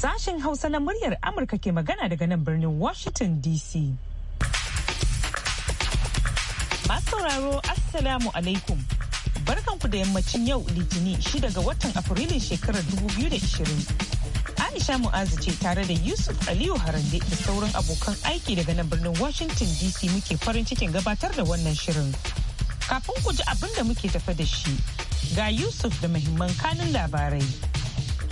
Sashen Hausa na muryar Amurka ke magana daga nan birnin Washington DC. Masu sauraro Assalamu alaikum. Barkanku da yammacin yau litinin shida ga watan Afrilun shekarar 2020. Aisha Mu'azu ce tare da Yusuf Aliyu Harande da sauran abokan aiki daga nan birnin Washington DC muke farin cikin gabatar da wannan shirin. Kafin ku ji abin da muke tafa da shi, ga Yusuf da muhimman kanun labarai.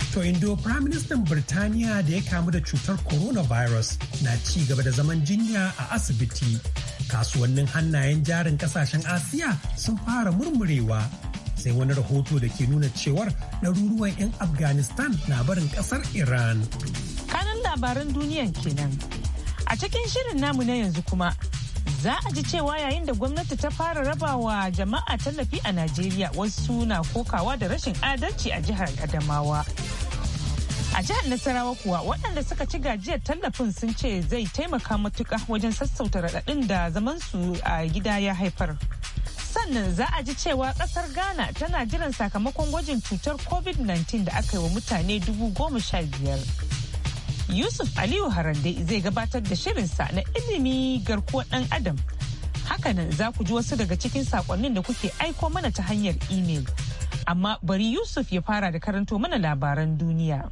To indo Prime Minister Birtaniya da ya kamu da cutar coronavirus na ci gaba da zaman jinya a asibiti. Kasuwannin hannayen jarin kasashen Asiya sun fara murmurewa. Sai wani rahoto da ke nuna cewar ɗaruruwan 'yan Afghanistan na barin ƙasar Iran. Kanan labaran duniyan kenan. A cikin shirin namu na yanzu kuma, za a ji cewa yayin da gwamnati ta fara rabawa jama'a tallafi a Najeriya wasu na kokawa da rashin adalci a jihar Adamawa. A jihar Nasarawa kuwa waɗanda suka ci gajiyar tallafin sun ce zai taimaka matuƙa wajen sassauta raɗaɗin da zaman su a gida ya haifar. Sannan za a ji cewa ƙasar Ghana tana jiran sakamakon gwajin cutar COVID-19 da aka yi wa mutane dubu goma sha biyar. Yusuf Aliyu Harande zai gabatar da shirinsa na ilimi garkuwar ɗan Adam. Hakanan za ku ji wasu daga cikin saƙonnin da kuke aiko mana ta hanyar imel. Amma bari Yusuf ya fara da karanto mana labaran duniya.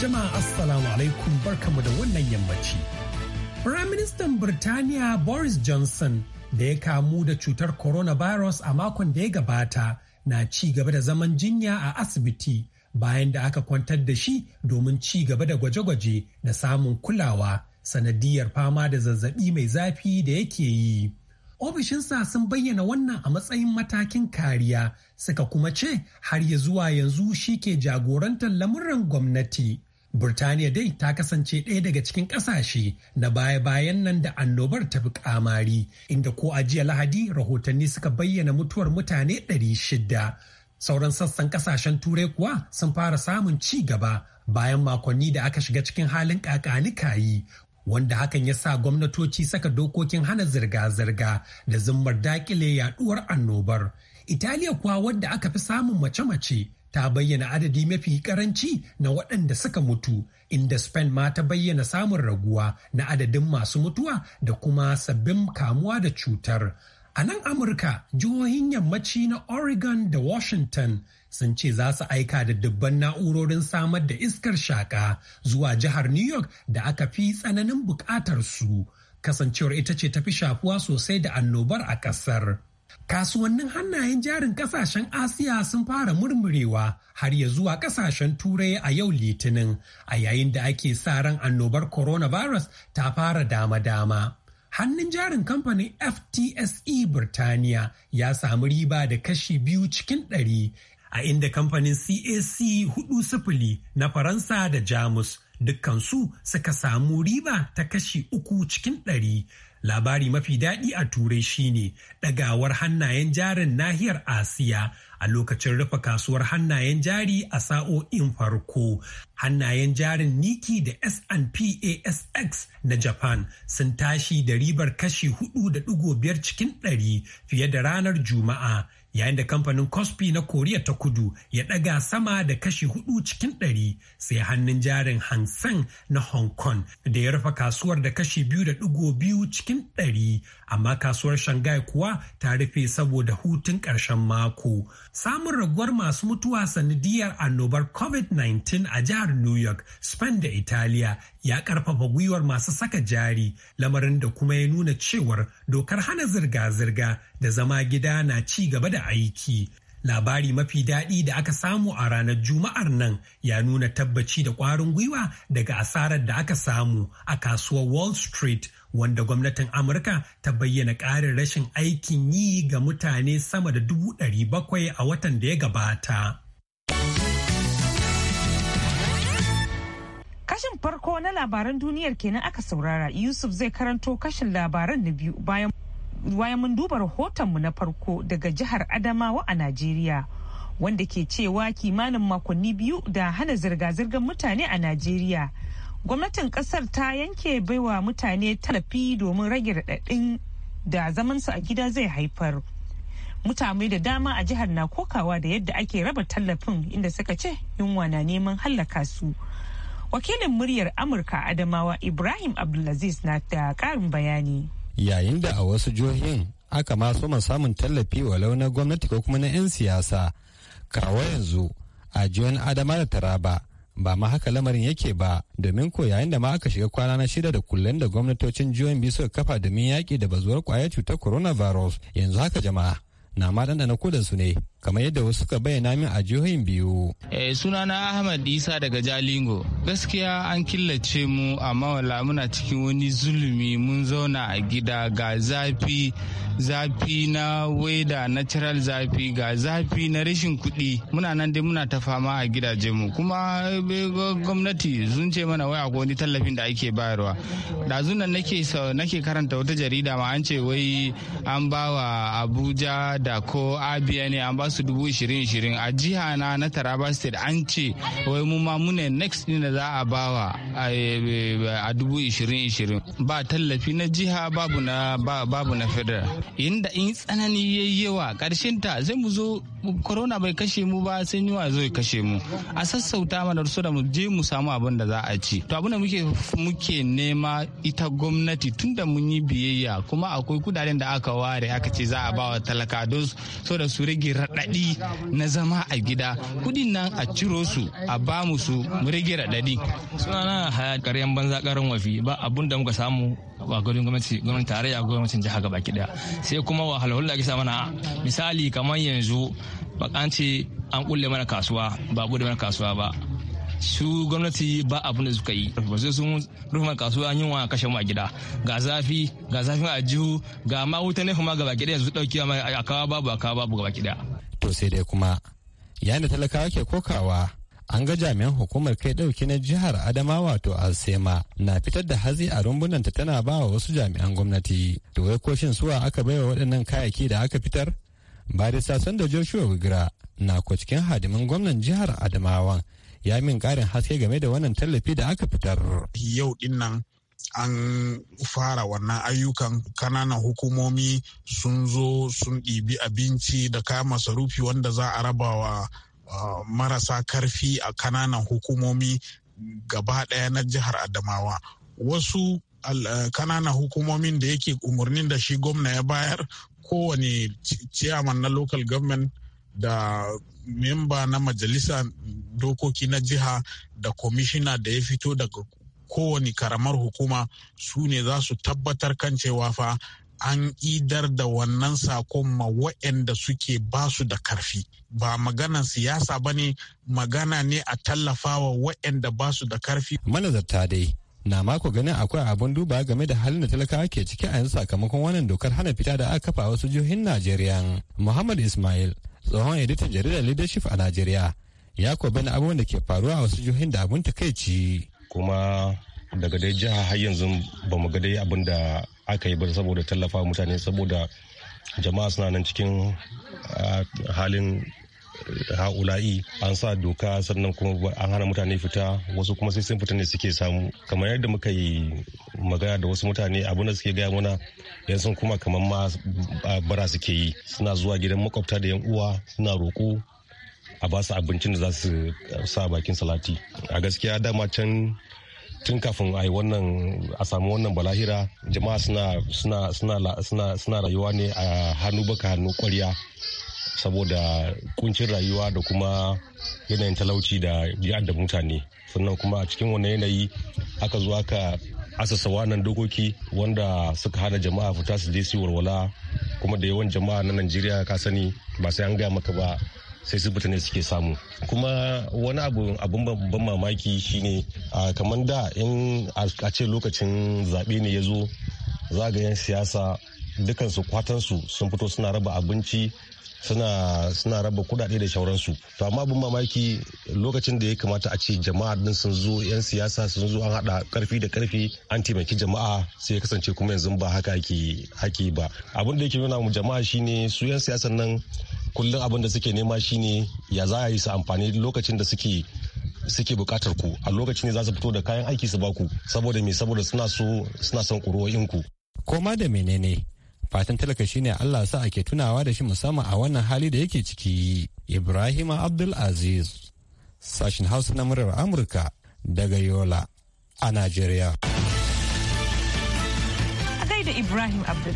Jama'a Assalamu alaikum barkamu da wannan yammaci. Firaministan Birtaniya Boris Johnson da ya kamu da cutar coronavirus a makon da ya gabata na ci gaba da zaman jinya a asibiti bayan da aka kwantar da shi domin ci gaba da gwaje-gwaje da samun kulawa sanadiyar fama da zazzabi mai zafi da yake yi. Ofishinsa sun bayyana wannan a matsayin matakin kariya suka kuma ce har ya zuwa yanzu shi ke jagorantar lamuran gwamnati. Burtaniya dai ta kasance ɗaya daga cikin ƙasashe na baya-bayan nan da annobar ta fi kamari, inda ko a jiya Lahadi rahotanni suka bayyana mutuwar mutane 600. Sauran sassan ƙasashen Turai kuwa sun fara samun ci gaba bayan makonni da aka shiga cikin halin ƙaƙanikayi wanda hakan ya sa gwamnatoci saka dokokin hana zirga-zirga da zimmar daƙile yaɗuwar annobar. Italiya kuwa wadda aka fi samun mace-mace ta bayyana adadi mafi karanci na waɗanda suka mutu inda spain ma ta bayyana samun raguwa na adadin masu mutuwa da kuma sabbin kamuwa da cutar a nan amurka jihohin yammaci na oregon da washington sun ce za su aika da dubban na'urorin samar da iskar shaka zuwa jihar new york da aka fi tsananin bukatar su kasancewar ita ce tafi shafuwa sosai da annobar a ƙasar. kasuwannin hannayen jarin kasashen asiya sun fara murmurewa har ya zuwa kasashen turai a yau litinin a yayin da ake sa ran annobar coronavirus ta fara dama-dama hannun jarin kamfanin ftse birtaniya ya samu riba da kashi biyu cikin ɗari a inda kamfanin cac hudu sifili na faransa da jamus dukkansu suka samu riba ta kashi uku cikin ɗari labari mafi daɗi a turai shine ɗagawar hannayen jarin nahiyar asiya a lokacin rufe kasuwar hannayen jari a sa'o'in farko hannayen jarin niki da snpasx na japan sun tashi da ribar kashi 4.5 cikin ɗari fiye da ranar juma'a yayin da kamfanin cosby na koriya ta kudu ya daga sama da kashi hudu cikin ɗari sai hannun jarin hang seng na hong kong da ya rufe kasuwar da kashi biyu da ɗigo biyu cikin ɗari amma kasuwar shanghai kuwa ta rufe saboda hutun ƙarshen mako samun raguwar masu mutuwa sanadiyar annobar covid-19 a jihar new york spain da italiya ya karfafa gwiwar masu saka jari lamarin da kuma ya nuna cewar dokar hana zirga-zirga da zama gida na ci gaba da aiki labari mafi daɗi da aka samu a ranar juma'ar nan ya nuna tabbaci da ƙwarin gwiwa daga asarar da aka samu a kasuwar wall street wanda gwamnatin amurka ta bayyana ƙarin rashin aikin yi ga mutane sama da dubu ɗari bakwai a watan da ya gabata. Kashin farko na labaran duniyar kenan aka saurara Yusuf zai karanto kashin labaran na biyu bayan bayan mun duba rahotonmu na farko daga jihar Adamawa a Najeriya. Wanda ke cewa kimanin makonni biyu da hana zirga-zirgar mutane a Najeriya. Gwamnatin kasar ta yanke baiwa mutane tallafi domin rage raɗaɗin da zamansu a gida zai haifar. mutane da dama a jihar na kokawa da yadda ake raba tallafin inda suka ce yunwa na neman hallaka su wakilin muryar amurka adamawa ibrahim abdulaziz na da karin bayani yayin da a wasu jihohin aka ma soma samun tallafi wa na gwamnati ko kuma na 'yan siyasa kawo yanzu a jihohin adama da taraba ba ma haka lamarin yake ba domin ko yayin da ma aka shiga kwana na shida da kullum da gwamnatocin jihohin biyu suka kafa domin yaki da bazuwar kwayar cutar coronavirus yanzu haka jama'a na ma ɗanɗana kodansu ne kamar yadda wasu suka bayyana min a jihohin biyu. Eh, sunana Ahmad Isa daga Jalingo. Gaskiya an killace mu amma wala muna cikin wani zulumi mun zauna a gida ga zafi zafi na weda natural zafi ga zafi na rashin kuɗi muna nan dai muna ta fama a gidaje mu kuma eh, gwamnati sun ce mana wai akwai wani tallafin da ake bayarwa ɗazun nan nake nake karanta wata jarida ma an ce wai an bawa abuja da ko abia ne an ba ba dubu shirin shirin a jiha na na taraba state an ce wai mu ma mune next din da za a bawa a dubu shirin shirin ba tallafi na jiha babu na babu na federal inda in tsanani yayi yawa karshen ta zai mu zo corona bai kashe mu ba sai yunwa zai kashe mu a sassauta mana su da mu je mu samu abin da za a ci to abin da muke muke nema ita gwamnati tunda mun yi biyayya kuma akwai kudaden da aka ware aka ce za a bawa talaka don so da su rage raɗa raɗaɗi na zama a gida kudin nan a ciro su a ba mu su mu rage raɗaɗi. sunana haya ƙaryan banza ƙarin wafi ba abun da muka samu a gudun gwamnati gwamnati tarayya gwamnatin jiha gaba daya sai kuma wahalhalu da ake sa mana misali kamar yanzu an ce an kulle mana kasuwa ba bude mana kasuwa ba su gwamnati ba abin da suka yi ba sai sun rufe mana kasuwa yin wa kashe mu a gida ga zafi ga zafin a jihu ga ma wuta ne kuma gaba daya yanzu dauki a kawo babu a kawo babu gaba daya to sai dai kuma yayin da talakawa ke kokawa an ga jami'an hukumar kai dauki na jihar adamawa to alsema na fitar da hazi a rumbunanta tana ba wa wasu jami'an gwamnati to wai koshin suwa aka baiwa waɗannan kayayyaki da aka fitar ba da joshua wigra na ko cikin hadimin gwamnan jihar adamawa ya min karin haske game da wannan tallafi da aka fitar yau dinnan an fara wannan ayyukan kananan hukumomi sun zo sun ɗibi abinci da kaya masarufi wanda za a raba wa marasa karfi a kananan hukumomi gaba ɗaya na jihar adamawa wasu eh, kananan hukumomin da yake umarnin da shi gwamna ya bayar kowane ciyaman na local government da memba na majalisa dokoki na jiha da kwamishina da ya fito daga kowane karamar hukuma su ne za su tabbatar kan cewa fa an idar da wannan sakon ma wa'anda suke basu da karfi ba maganan siyasa ba ne magana ne a tallafawa ba basu da karfi manazarta dai na mako ganin akwai abin duba game da halin da talakawa ke ciki a yanzu sakamakon wannan dokar hana fita da aka kafa wasu jihohin najeriya muhammad ismail tsohon editan jaridar leadership a najeriya ya kobe na abubuwan da ke faruwa a wasu jihohin da abin takaici kuma daga dai jiha har yanzu ba mu ga dai abin da aka yi ba saboda tallafa mutane saboda jama'a suna nan cikin halin eh, ha'ula'i an sa doka sannan kuma an hana mutane fita wasu kuma sai sun fita ne suke samu kamar yadda muka yi magana da wasu mutane abin da suke gaya mana yan kuma kamar ma bara suke yi suna zuwa gidan makwabta da yan uwa suna roƙo a ba su abincin da za su sa bakin salati a gaskiya dama can tun kafin a yi wannan a samu wannan balahira jama'a suna suna suna suna suna rayuwa ne a hannu baka hannu kwarya saboda kuncin rayuwa da kuma yanayin talauci da ya da mutane sannan kuma a cikin wannan yanayi aka zo ka asasa wannan dokoki wanda suka hana jama'a fita su je su walwala kuma da yawan jama'a na najeriya ka sani ba sai an gaya maka ba sai su mutane suke samu kuma wani abu abun ban mamaki shine a kamar da in a ce lokacin zaɓe ne ya zo zagayen siyasa dukansu kwatansu sun fito suna raba abinci suna suna raba kudade da shauransu to amma abin mamaki lokacin da ya kamata a ce jama'a din sun zo yan siyasa sun zo an hada karfi da karfi an taimaki jama'a sai ya kasance kuma yanzu ba haka ake ba abin da yake nuna mu jama'a shine su yan siyasan nan kullum abin da suke nema shine ya za a yi su amfani lokacin da suke suke bukatar ku a lokacin ne za su fito da kayan aiki su baku saboda me saboda suna so suna son kuroyin ku koma da menene fatan talaka shine Allah sa ake tunawa da shi musamman a wannan hali da yake ciki Ibrahim Abdul Aziz sashin Hausa na murar Amurka daga Yola a Najeriya a Ibrahim Abdul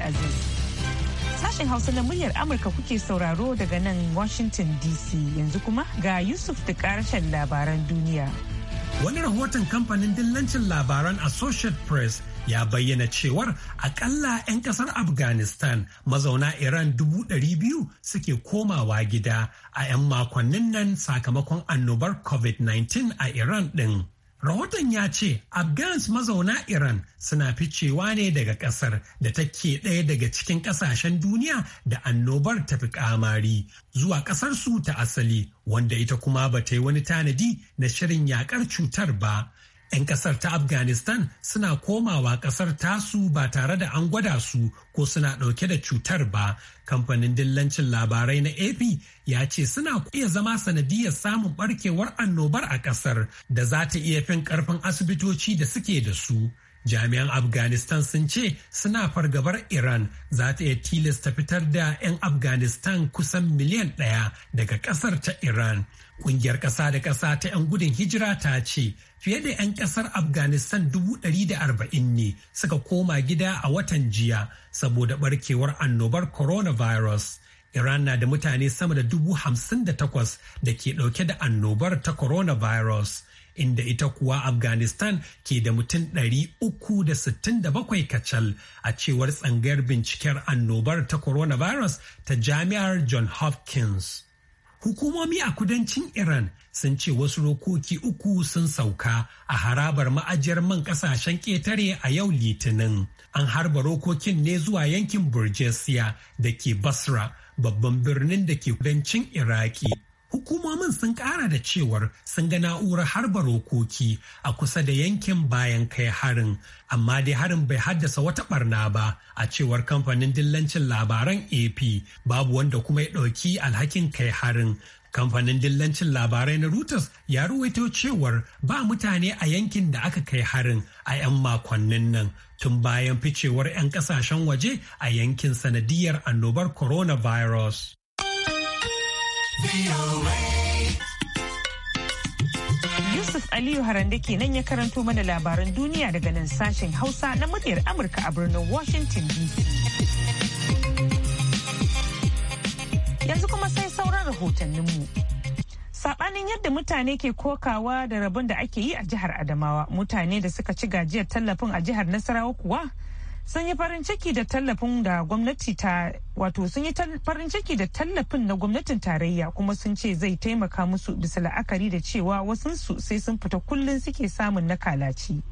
sashen Hausa na muryar Amurka kuke sauraro daga nan Washington DC yanzu kuma ga Yusuf da karshen labaran duniya. Wani rahoton kamfanin dillancin labaran Associate Press ya bayyana cewar akalla 'yan kasar Afghanistan mazauna Iran dubu ɗari biyu suke komawa gida a 'yan makonnin nan sakamakon annobar COVID-19 a Iran ɗin. Rahoton ya ce Afghans mazauna Iran suna ficewa ne daga ƙasar da take ɗaya daga cikin ƙasashen duniya da annobar ta fi kamari zuwa ƙasarsu ta asali wanda ita kuma ba ta yi wani tanadi na shirin yaƙar cutar ba. 'Yan kasar ta Afghanistan suna komawa kasar tasu ba tare da an gwada su ko suna ɗauke da cutar ba. Kamfanin dillancin labarai na AP ya ce suna iya zama sanadiyar samun barkewar annobar a kasar da za ta iya fin karfin asibitoci da suke da su. Jami'an Afghanistan sun ce suna fargabar Iran za ta iya tilasta fitar da 'yan Afghanistan kusan miliyan ɗaya daga ƙasar ta Iran. Ƙungiyar ƙasa da ƙasa ta 'yan gudun hijira ta ce fiye da 'yan ƙasar Afghanistan dubu ɗari da arba'in ne suka koma gida a watan jiya saboda barkewar annobar coronavirus. Iran na da mutane sama da dubu hamsin da takwas da ke ɗauke da annobar ta coronavirus. inda ita kuwa Afghanistan ke da mutum 367 kacal a cewar tsangayar binciken annobar ta coronavirus ta jami'ar John Hopkins. Hukumomi a kudancin Iran sun ce wasu rokoki uku sun sauka a harabar ma'ajiyar man kasashen ƙetare a yau litinin. An harba rokokin ne zuwa yankin Burjesiya da ke Basra, babban birnin da ke kudancin Iraki. hukumomin sun kara da cewar sun ga na'urar harba rokoki a kusa da yankin bayan kai harin amma dai harin bai haddasa wata barna ba a cewar kamfanin dillancin labaran ap babu wanda kuma ya ɗauki alhakin kai harin kamfanin dillancin labarai na reuters ya ruwaito cewar ba mutane a yankin da aka kai harin a 'yan makonnin nan tun bayan ficewar 'yan kasashen waje a yankin sanadiyar annobar coronavirus. Yusuf Aliyu Harande nan ya karanto mana labaran duniya daga nan sashen Hausa na muryar Amurka a birnin Washington DC. Yanzu kuma sai sauran rahotanninmu. Saɓanin yadda mutane ke kokawa da rabon da ake yi a jihar Adamawa, mutane da suka ci gajiyar tallafin a jihar Nasarawa kuwa sun yi farin ciki da tallafin da gwamnati ta wato sun yi farin ciki da tallafin na gwamnatin tarayya kuma sun ce zai taimaka musu bisa la'akari da cewa wasunsu sai sun fita kullun suke samun na kalaci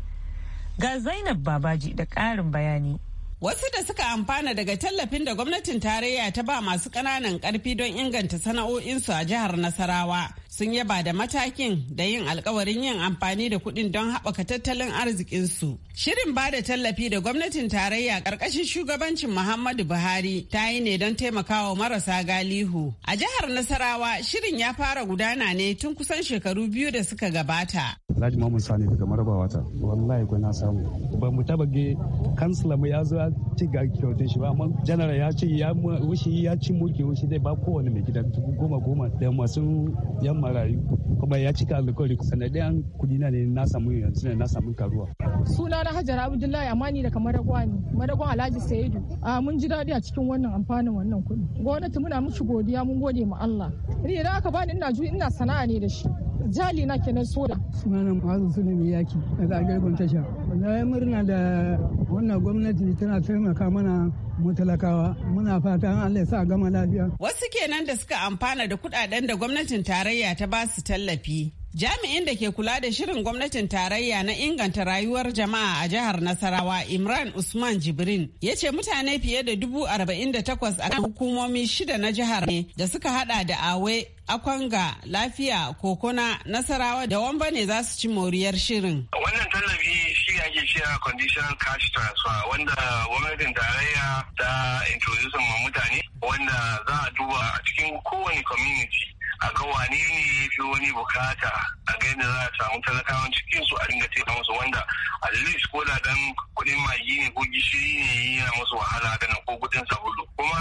ga zainab babaji da ƙarin bayani Wasu da suka amfana daga tallafin da gwamnatin tarayya ta ba masu ƙananan ƙarfi don inganta sana'o'insu a jihar Nasarawa sun yaba da matakin da yin alkawarin yin amfani da kuɗin don haɓaka tattalin arzikinsu. Shirin ba da tallafi da gwamnatin tarayya ƙarƙashin shugabancin Muhammadu Buhari ta yi ne don taimakawa marasa galihu. A jihar Nasarawa shirin ya fara gudana ne tun kusan shekaru biyu da suka gabata. Alhaji Muhammad Sani daga Maraba wata, wallahi ko na samu. Ba mu taba ge kansila mu ya zo ya ci ga kyautin shi ba, amma janara ya ci ya wushi ya ci mulki wushi dai ba kowane mai gida dubu goma goma da masu yan marayu. Kuma ya cika alkawari sanadiyan kudi na ne na samu yanzu na samu karuwa. Suna sunana hajar Abdullahi Amani daga Maragwa ne, Maragwa Alhaji Sayidu. A mun ji daɗi a cikin wannan amfanin wannan kuɗi. Gwamnati muna miki godiya mun gode ma Allah. Ni idan aka bani ina ju ina sana'a ne da shi. Jali na kenan soda. Sunana Muhammadu Sulemi Yaki daga Agargon Tasha. Wallahi murna da wannan gwamnati tana taimaka mana mutalakawa talakawa muna fatan Allah sa gama lafiya. Wasu kenan da suka amfana da kuɗaɗen da gwamnatin tarayya ta ba su tallafi. Jami'in da ke kula da shirin gwamnatin tarayya na inganta rayuwar jama'a a jihar Nasarawa Imran Usman Jibrin ya ce mutane fiye da dubu arba'in da takwas a hukumomi shida na jihar ne da suka hada da awe akwanga lafiya kokona nasarawa da wamba ne za su ci moriyar shirin wannan tallafi shi ake cewa conditional cash transfer wanda gwamnatin tarayya ta introduce ma mutane wanda za a duba a cikin kowane community a ga ne ya fi wani bukata a ga yadda za a samu talakawan cikin su a dinga taimaka musu wanda at least ko da dan kudin magi ne ko gishiri ne yana musu wahala ganin ko kudin sabulu kuma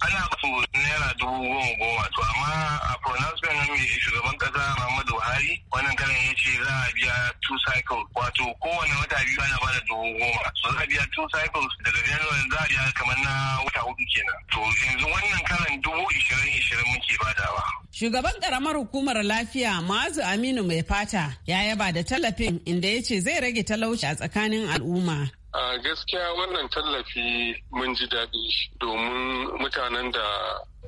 ana su naira dubu goma goma to amma a pronouncement na mai shugaban kasa Muhammadu Buhari wannan karan ya ce za a biya two cycles wato kowane wata biyu ana bada dubu goma so za a biya two cycles daga January za a biya kamar na wata hudu kenan to yanzu wannan karan dubu ishirin ishirin muke badawa Shugaban karamar hukumar lafiya Ma'azu Aminu mai fata ya yaba da tallafin inda ya ce zai rage talauci a tsakanin al'umma. A gaskiya wannan tallafi mun ji daɗi domin mutanen da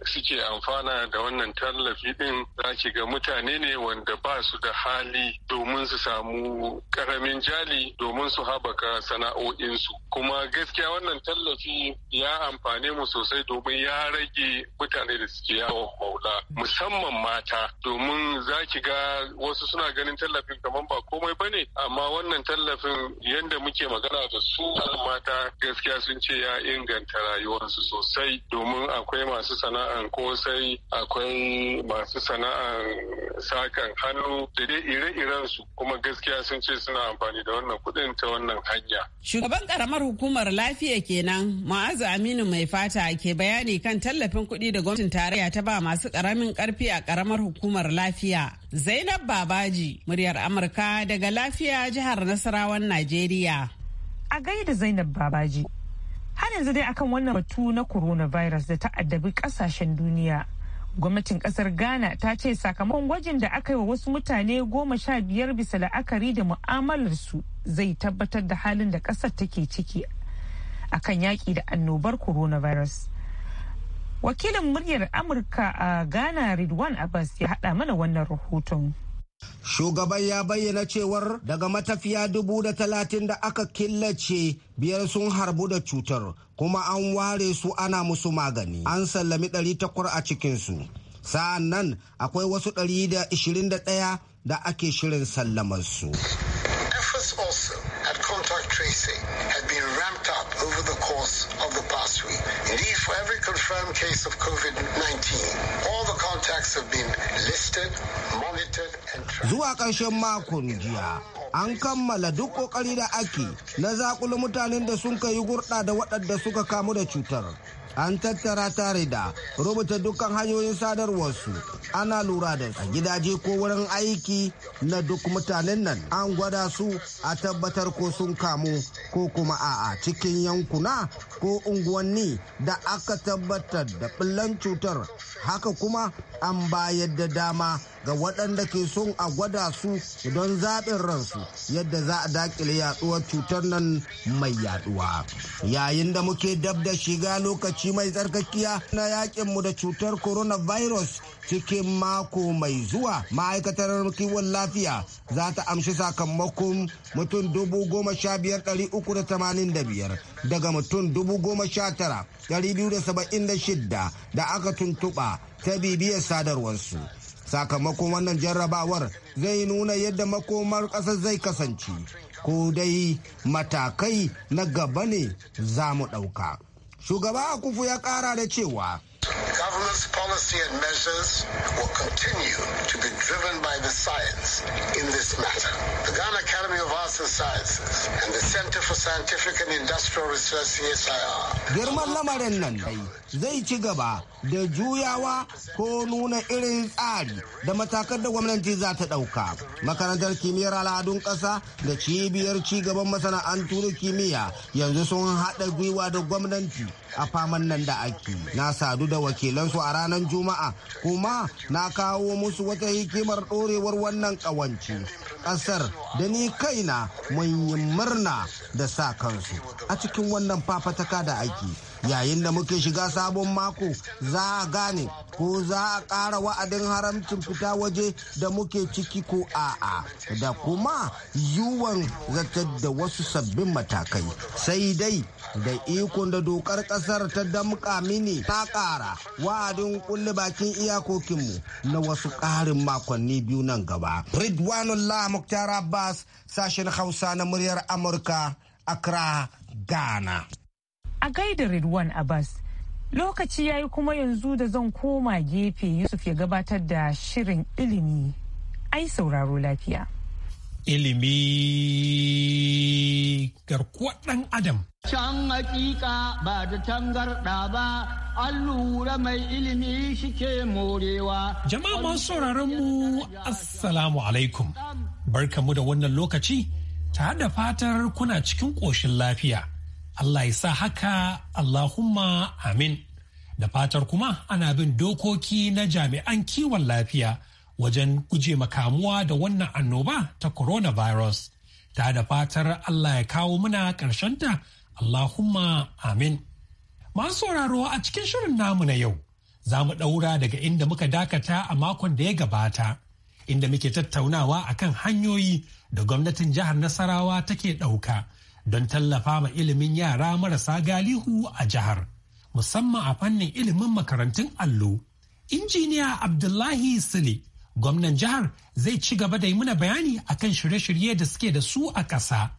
suke amfana da wannan tallafi din za ga mutane ne wanda ba su da hali domin su samu karamin jali domin su habaka sana'o'insu kuma gaskiya wannan tallafi ya amfane mu sosai domin ya rage mutane da suke yawon maula musamman mata domin za ki ga wasu suna ganin tallafin kamar ba komai bane amma wannan tallafin yadda muke magana da su mata gaskiya sun ce ya inganta rayuwarsu sosai domin akwai masu sana'a sana'ar kosai akwai masu sana'ar sakan hannu da dai ire-iren su kuma gaskiya sun ce suna amfani da wannan kuɗin ta wannan hanya. Shugaban karamar hukumar lafiya kenan Ma'azu Aminu mai fata ke bayani kan tallafin kuɗi da gwamnatin tarayya ta ba masu karamin karfi a karamar hukumar lafiya. Zainab Babaji, muryar Amurka daga lafiya jihar Nasarawan Najeriya. A gaida Zainab Babaji. Har yanzu dai akan wannan batu na coronavirus da ta addabi kasashen duniya. Gwamnatin kasar Ghana ta ce sakamakon gwajin da aka yi wa wasu mutane goma sha biyar bisa la'akari da mu'amalar su zai tabbatar da halin da kasar take ciki akan yaƙi da annobar coronavirus. Wakilin muryar Amurka a Ghana Ridwan Abbas ya haɗa mana wannan rahoton. Shugaban ya bayyana cewar daga matafiya dubu da talatin da aka killace biyar sun harbu da cutar kuma an ware su ana musu magani. An sallami ɗari takwar a cikinsu. Sa'an nan akwai wasu ɗari da ishirin da ɗaya da ake shirin sallamarsu. Efforts also at contact tracing have been ramped up over the course of the last week. Indeed, for every confirmed case of COVID-19, all the contacts have been listed, monitored, and tracked. Zuwa ƙarshen makon jiya, an kammala duk ƙoƙari da ake na zaƙulu mutanen da sun kai gurɗa da waɗanda suka kamu da cutar. an tattara tare da rubuta dukkan hanyoyin sadarwarsu ana lura da su a gidaje ko wurin aiki na duk mutanen nan an gwada su a tabbatar ko sun kamu ko kuma a'a cikin yankuna ko unguwanni da aka tabbatar da ɓillan cutar haka kuma an bayar da dama ga waɗanda ke son a gwada su don zaɓin ransu yadda za a daƙile yaɗuwar cutar nan mai yaɗuwa. Yayin da muke dab da shiga lokaci mai tsarkakiya na yakinmu da cutar coronavirus cikin mako mai zuwa ma'aikatar kiwon lafiya za ta amshi sakamakon mutum dubu goma sha biyar ɗari uku da tamanin da biyar daga mutum dubu goma sha tara ɗari biyu da saba'in da shidda da aka tuntuɓa ta bibiyar sadarwarsu sakamakon wannan jarrabawar zai nuna yadda makomar ƙasar zai kasance ko dai matakai na gaba ne za mu ɗauka shugaba akufu ya ƙara da cewa Government's policy and measures will continue to be driven by the science in this matter. The Ghana Academy of Arts and Sciences and the Center for Scientific and Industrial Research CSIR. Girman lamarin nan dai zai ci gaba da juyawa ko nuna irin tsari da matakar da gwamnati za ta ɗauka. Makarantar kimiyyar al'adun ƙasa da cibiyar cigaban masana'antu na kimiyya yanzu sun haɗa gwiwa da gwamnati a faman nan da ake. Na sadu da da wakilansu a ranar juma'a kuma na kawo musu wata hikimar ɗorewar wannan ƙawanci ƙasar da ni kaina mun yi murna da sa kansu a cikin wannan fafataka da ake yayin da muke shiga sabon mako za a gane ko za a ƙara wa'adin haramcin fita waje da muke ciki ko a'a da kuma yiwuwan zartar da wasu sabbin matakai sai dai da ikon da dokar ƙasar ta damƙa mini ta ƙara wa'adin kulle bakin iyakokinmu na wasu ƙarin makonni biyu nan gaba. Ridwanullah Muktar Abbas sashen Hausa na muryar Amurka, Accra, gana. a gaida Ridwan Abbas. Lokaci ya yi kuma yanzu da zan koma gefe Yusuf ya gabatar da shirin ilimi. Ai sauraro lafiya. Ilimi garkuwar ɗan Adam. Can hakika ba da tangarɗa ba, an lura mai ilimi shike morewa. Jama'a masu sauraron mu, Assalamu alaikum. Barkamu da wannan lokaci, tare da fatar kuna cikin ƙoshin lafiya. Allah ya sa haka Allahumma amin. Da fatar kuma ana bin dokoki na jami'an kiwon lafiya wajen guje makamuwa da wannan annoba ta coronavirus. Ta da fatar Allah ya kawo muna ta, Allahumma amin. Masu sauraro a cikin shirin namu na yau, za mu ɗaura daga inda muka dakata a makon da ya gabata, inda muke tattaunawa akan hanyoyi da gwamnatin jihar Nasarawa take ɗauka. don tallafa ma ilimin yara marasa galihu a jihar, musamman a fannin ilimin makarantun allo. Injiniya Abdullahi Sule, gwamnan jihar zai ci gaba da yi muna bayani akan shirye-shirye da suke da su a ƙasa.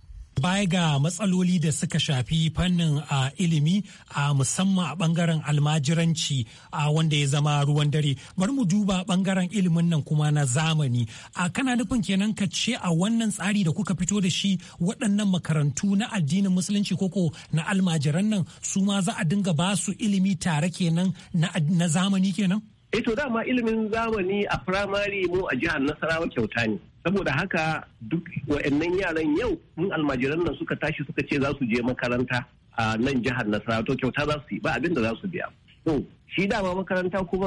Baya ga matsaloli da suka shafi fannin a ilimi a musamman a bangaren almajiranci a wanda ya zama ruwan dare. Bari mu duba bangaren ilimin nan kuma na zamani. A kana nufin kenan ka ce a wannan tsari da kuka fito da shi waɗannan makarantu na addinin musulunci koko na almajiran nan su ma za a dinga ba su ilimi tare kenan na zamani kenan? Eto eh to dama ilimin zamani a firamare mu a jihar Nasarawa kyauta ne. saboda haka duk wa'annan yaran yau mun almajiran nan suka tashi suka ce za su je makaranta a nan jihar nasarawa to kyauta za su yi ba abin da za su biya to shi dama makaranta kuma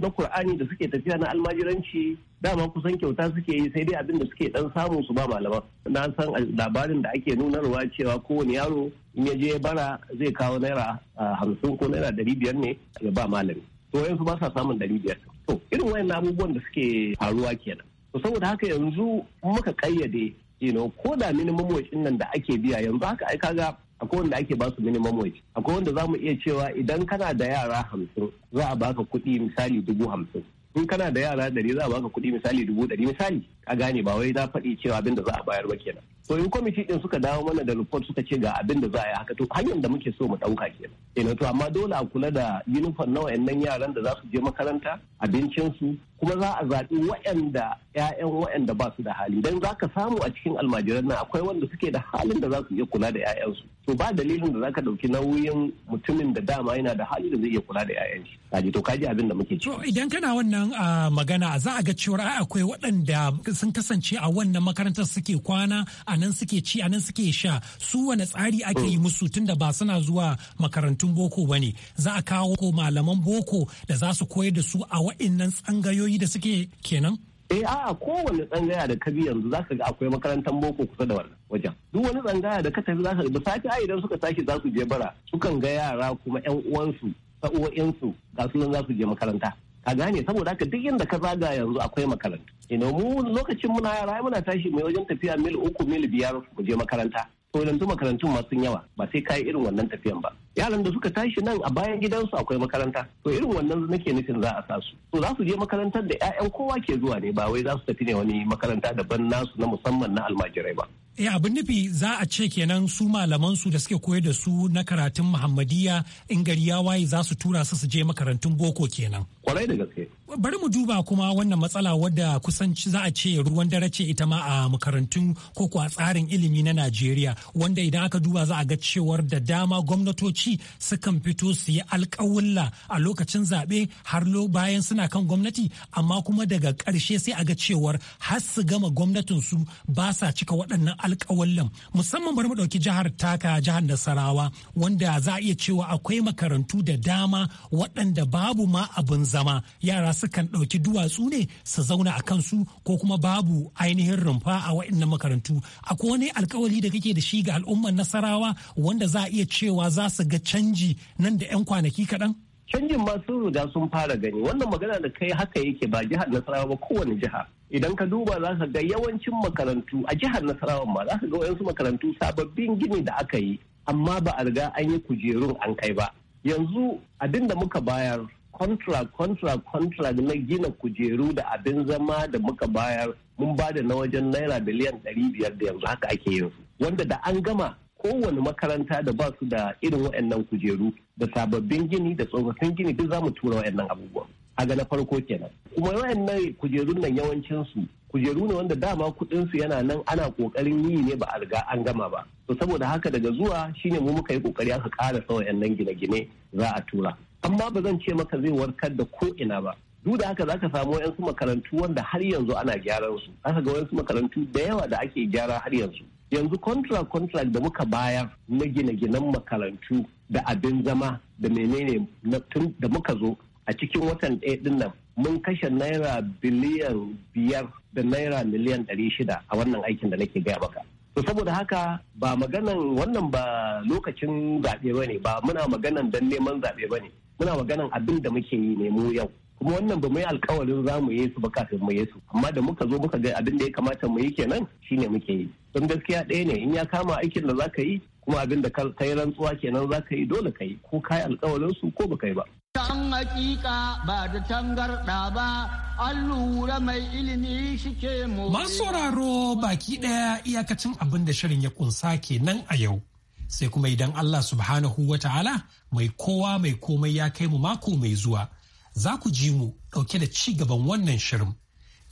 na kur'ani da suke tafiya na almajiranci dama kusan kyauta suke yi sai dai abin da suke dan samu su ba malaman na san labarin da ake nunarwa cewa kowane yaro in ya je bara zai kawo naira hamsin ko naira dari biyar ne ya ba malami to yanzu ba sa samun dari biyar to irin wayan abubuwan da suke faruwa kenan saboda haka yanzu muka kayyade you know ko da minimum wage nan da ake biya yanzu haka ai kaga akwai wanda ake basu minimum wage akwai wanda zamu iya cewa idan kana da yara hamsin za a baka kuɗi misali dubu hamsin in kana da yara ɗari za a baka kuɗi misali dubu ɗari misali ka gane ba wai za faɗi cewa abinda za a bayar ba kenan so in kwamiti din suka dawo mana da report suka ce ga abin da za a yi haka to hanyar da muke so mu ɗauka ke ina to amma dole a kula da uniform na wayannan yaran da za su je makaranta abincin su kuma za a zaɓi wayanda ƴaƴan wayanda ba su da hali dan za ka samu a cikin almajiran nan akwai wanda suke da halin da za su iya kula da ƴaƴansu to ba dalilin da za ka ɗauki nauyin mutumin da dama yana da hali da zai iya kula da ƴaƴan shi kaji to kaji abin da muke ci. idan kana wannan magana za a ga cewa akwai waɗanda sun kasance a wannan makarantar suke kwana a anan suke ci anan suke sha su wani tsari ake yi musu tun da ba suna zuwa makarantun boko ba ne za a kawo ko malaman boko da za su koyar da su a wa'innan tsangayoyi da suke kenan eh a kowane tsangaya da ka bi yanzu zaka ga akwai makarantar boko kusa da wannan wajen duk wani tsangaya da ka tafi zaka ga safe ai idan suka tashi za su je bara sukan ga yara kuma ƴan uwansu sa'o'insu ga su nan za su je makaranta ka gane saboda haka duk inda ka zaga yanzu akwai makaranta ina mu lokacin muna yara muna tashi mai wajen tafiya mil uku mil biyar mu je makaranta to yanzu makarantun ma sun yawa ba sai kai irin wannan tafiyan ba yaran da suka tashi nan a bayan gidansu akwai makaranta to irin wannan nake nufin za a sa su to za su je makarantar da ƴaƴan kowa ke zuwa ne ba wai za su tafi ne wani makaranta daban nasu na musamman na almajirai ba Eh abin nufi za a ce kenan su malaman su da suke koyar da su na karatun Muhammadiyya in gari ya waye za su tura su su je makarantun boko kenan. kwarai da gaske. Bari mu duba kuma wannan matsala wadda kusan za a ce ruwan dare ce ita ma a makarantun ko a tsarin ilimi na Najeriya wanda idan aka duba za a ga cewar da dama gwamnatoci sukan fito su yi alkawulla a lokacin zaɓe har lo bayan suna kan gwamnati amma kuma daga ƙarshe sai a ga cewar har su gama gwamnatin su ba sa cika waɗannan alkawullan musamman bari mu ɗauki jihar Taka jihar Nasarawa wanda za a iya cewa akwai makarantu da dama waɗanda babu ma abin za zama yara sukan ɗauki duwatsu ne su zauna a kansu ko kuma babu ainihin rumfa a waɗannan makarantu akwai wani alkawari da kake da shi ga al'ummar nasarawa wanda za a iya cewa za su ga canji nan da 'yan kwanaki kaɗan? canjin ma sun riga sun fara gani wannan magana da kai haka yake ba jihar nasarawa ba kowane jiha idan ka duba za ka ga yawancin makarantu a jihar nasarawa ma za ka ga wayansu makarantu sababbin gini da aka yi amma ba a riga an yi kujerun an kai ba yanzu abinda muka bayar contract contract contract na gina kujeru da abin zama da muka bayar mun ba da na wajen naira biliyan 500 da yanzu haka ake yin su wanda da an gama kowane makaranta da ba su da irin waɗannan kujeru da sababbin gini da tsofaffin gini duk za mu tura waɗannan abubuwa a ga na farko kenan kuma waɗannan kujerun nan yawancin su kujeru ne wanda dama su yana nan ana ƙoƙarin yi ne ba a riga an gama ba to saboda haka daga zuwa shine mu muka yi ƙoƙari aka ƙara sa wayannan gine-gine za a tura amma ba zan ce maka zai warkar da ko ina ba duk da haka zaka samu wayansu makarantu wanda har yanzu ana gyaran su aka ga wayansu makarantu da yawa da ake gyara har yanzu yanzu contract contract da muka bayar na gine-ginen makarantu da abin zama da menene na tun da muka zo a cikin watan ɗaya din nan mun kashe naira biliyan biyar da naira miliyan ɗari shida a wannan aikin da nake gaya maka to saboda haka ba maganan wannan ba lokacin zaɓe ba ne ba muna maganan don neman zaɓe ba ne muna maganan abin da muke yi ne mu yau kuma wannan ba mu yi alkawarin za mu yi su ba kafin mu yi su amma da muka zo muka ga abin da ya kamata mu yi kenan shine muke yi don gaskiya ɗaya ne in ya kama aikin da za ka yi kuma abin da ka yi rantsuwa kenan za ka yi dole ka yi ko ka yi alkawarin su ko ka yi ba an hakika ba da tangarda ba an lura mai ilimi shike mu. Masu sauraro baki ɗaya iyakacin abin da shirin ya kunsa kenan a yau. Sai kuma idan Allah subhanahu wa ta'ala mai kowa mai komai ya kai mu mako mai zuwa, za ku ji mu ɗauke da ci gaban wannan shirin.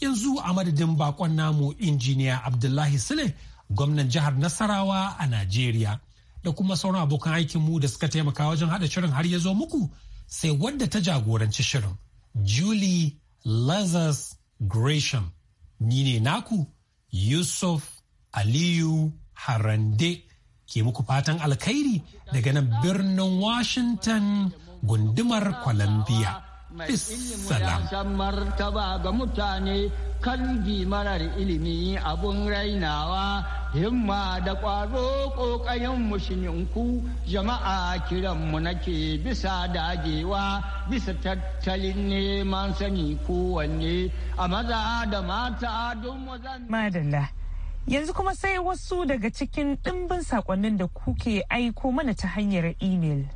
Yanzu a madadin bakon namu injiniya Abdullahi Sule, gwamnan jihar Nasarawa a Najeriya, da kuma sauran abokan aikin mu da suka taimaka wajen haɗa shirin har ya zo muku. sai wadda ta jagoranci shirin Julie Lazarus Gresham. Ni ne naku Yusuf Aliyu Harande ke muku fatan alkhairi daga nan birnin Washington gundumar Columbia. san martaba ga mutane kalbi marar ilimi abun rainawa himma da ƙwaro ƙoƙayen mushininku jama'a kiranmu nake bisa dagewa bisa tattalin neman sani kowanne a maza da mata don Madalla. Yanzu kuma sai wasu daga cikin ɗimbin saƙonnin da kuke aiko mana ta hanyar imel.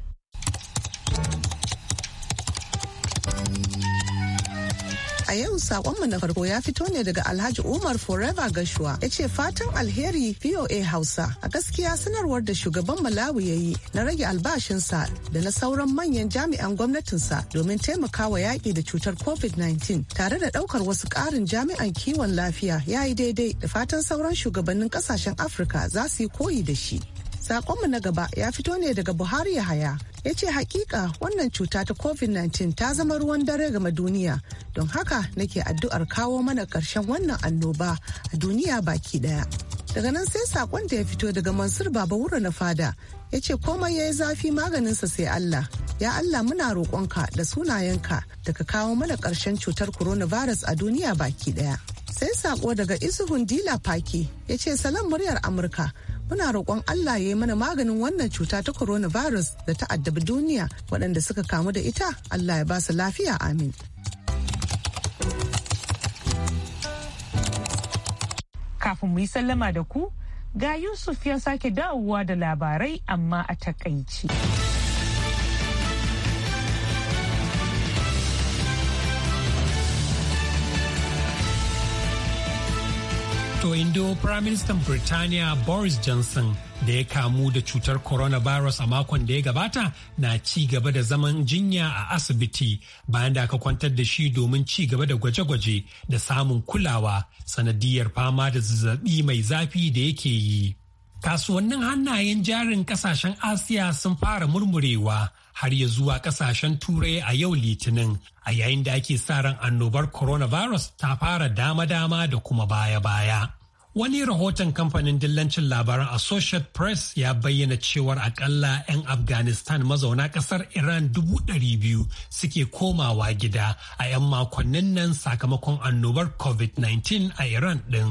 a yau sakonmu na farko ya fito ne daga Alhaji Umar Forever Gashuwa ya ce fatan alheri VOA Hausa a gaskiya sanarwar da shugaban Malawi ya yi na rage albashinsa da na sauran manyan jami'an gwamnatinsa domin taimakawa yaƙi da cutar COVID-19 tare da ɗaukar wasu ƙarin jami'an kiwon lafiya ya yi daidai da fatan sauran shugabannin ƙasashen Afirka za su yi koyi da shi. Sakonmu na gaba ya fito ne daga Buhari ya haya Ya ce hakika wannan cuta ta COVID-19 ta zama ruwan dare game duniya. Don haka nake addu'ar kawo mana ƙarshen wannan annoba a duniya baki daya. Daga nan sai sakon da ya fito daga Mansur Baba Wuro na fada ya ce komai ya yi zafi maganinsa sai Allah. Ya Allah muna roƙonka da sunayenka da ka kawo mana ƙarshen cutar coronavirus a duniya baki daya. Sai saƙo daga Isuhun Dila paki ya ce salam muryar Amurka. muna roƙon Allah ya yi mana maganin wannan cuta ta coronavirus da ta addabi duniya waɗanda suka kamu da ita Allah ya ba su lafiya amin. Kafin mu yi sallama da ku, ga Yusuf ya sake dawowa da labarai amma a takaici. To indo Prime Minister Birtaniya Boris Johnson da ya kamu da cutar coronavirus a makon da ya gabata na ci gaba da zaman jinya a asibiti bayan da aka kwantar da shi domin ci gaba da gwaje-gwaje da samun kulawa sanadiyar fama da zazzabi mai zafi da yake yi. Kasuwannin hannayen jarin kasashen Asiya sun fara murmurewa har ya zuwa kasashen turai a yau litinin a yayin da ake sa ran annobar coronavirus ta fara dama-dama da kuma baya-baya. Wani rahoton kamfanin dillancin labaran Associate Press ya bayyana cewar akalla 'yan Afghanistan mazauna kasar Iran dubu ɗari biyu suke komawa gida a 'yan makonnin nan sakamakon annobar COVID-19 a Iran ɗin.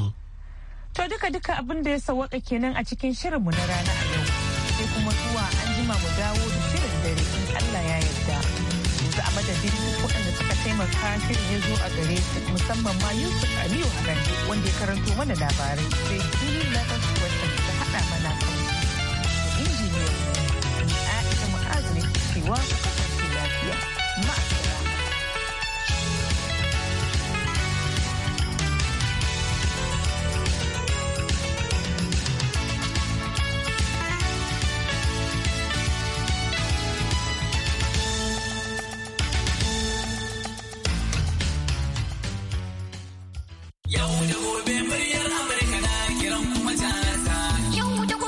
To duka-duka abin da ya sawaka kenan a cikin shirinmu na rana a yau. Sai kuma zuwa an jima mu dawo da gare in Allah ya yarda. Yanzu a madadin duk waɗanda suka taimaka shirin ya zo a gare su musamman ma Yusuf Aliyu Hagan wanda ya karanto mana labarai sai filin Lagos Washington ta haɗa mana kan injiniyar Aisha Mu'azu ne cewa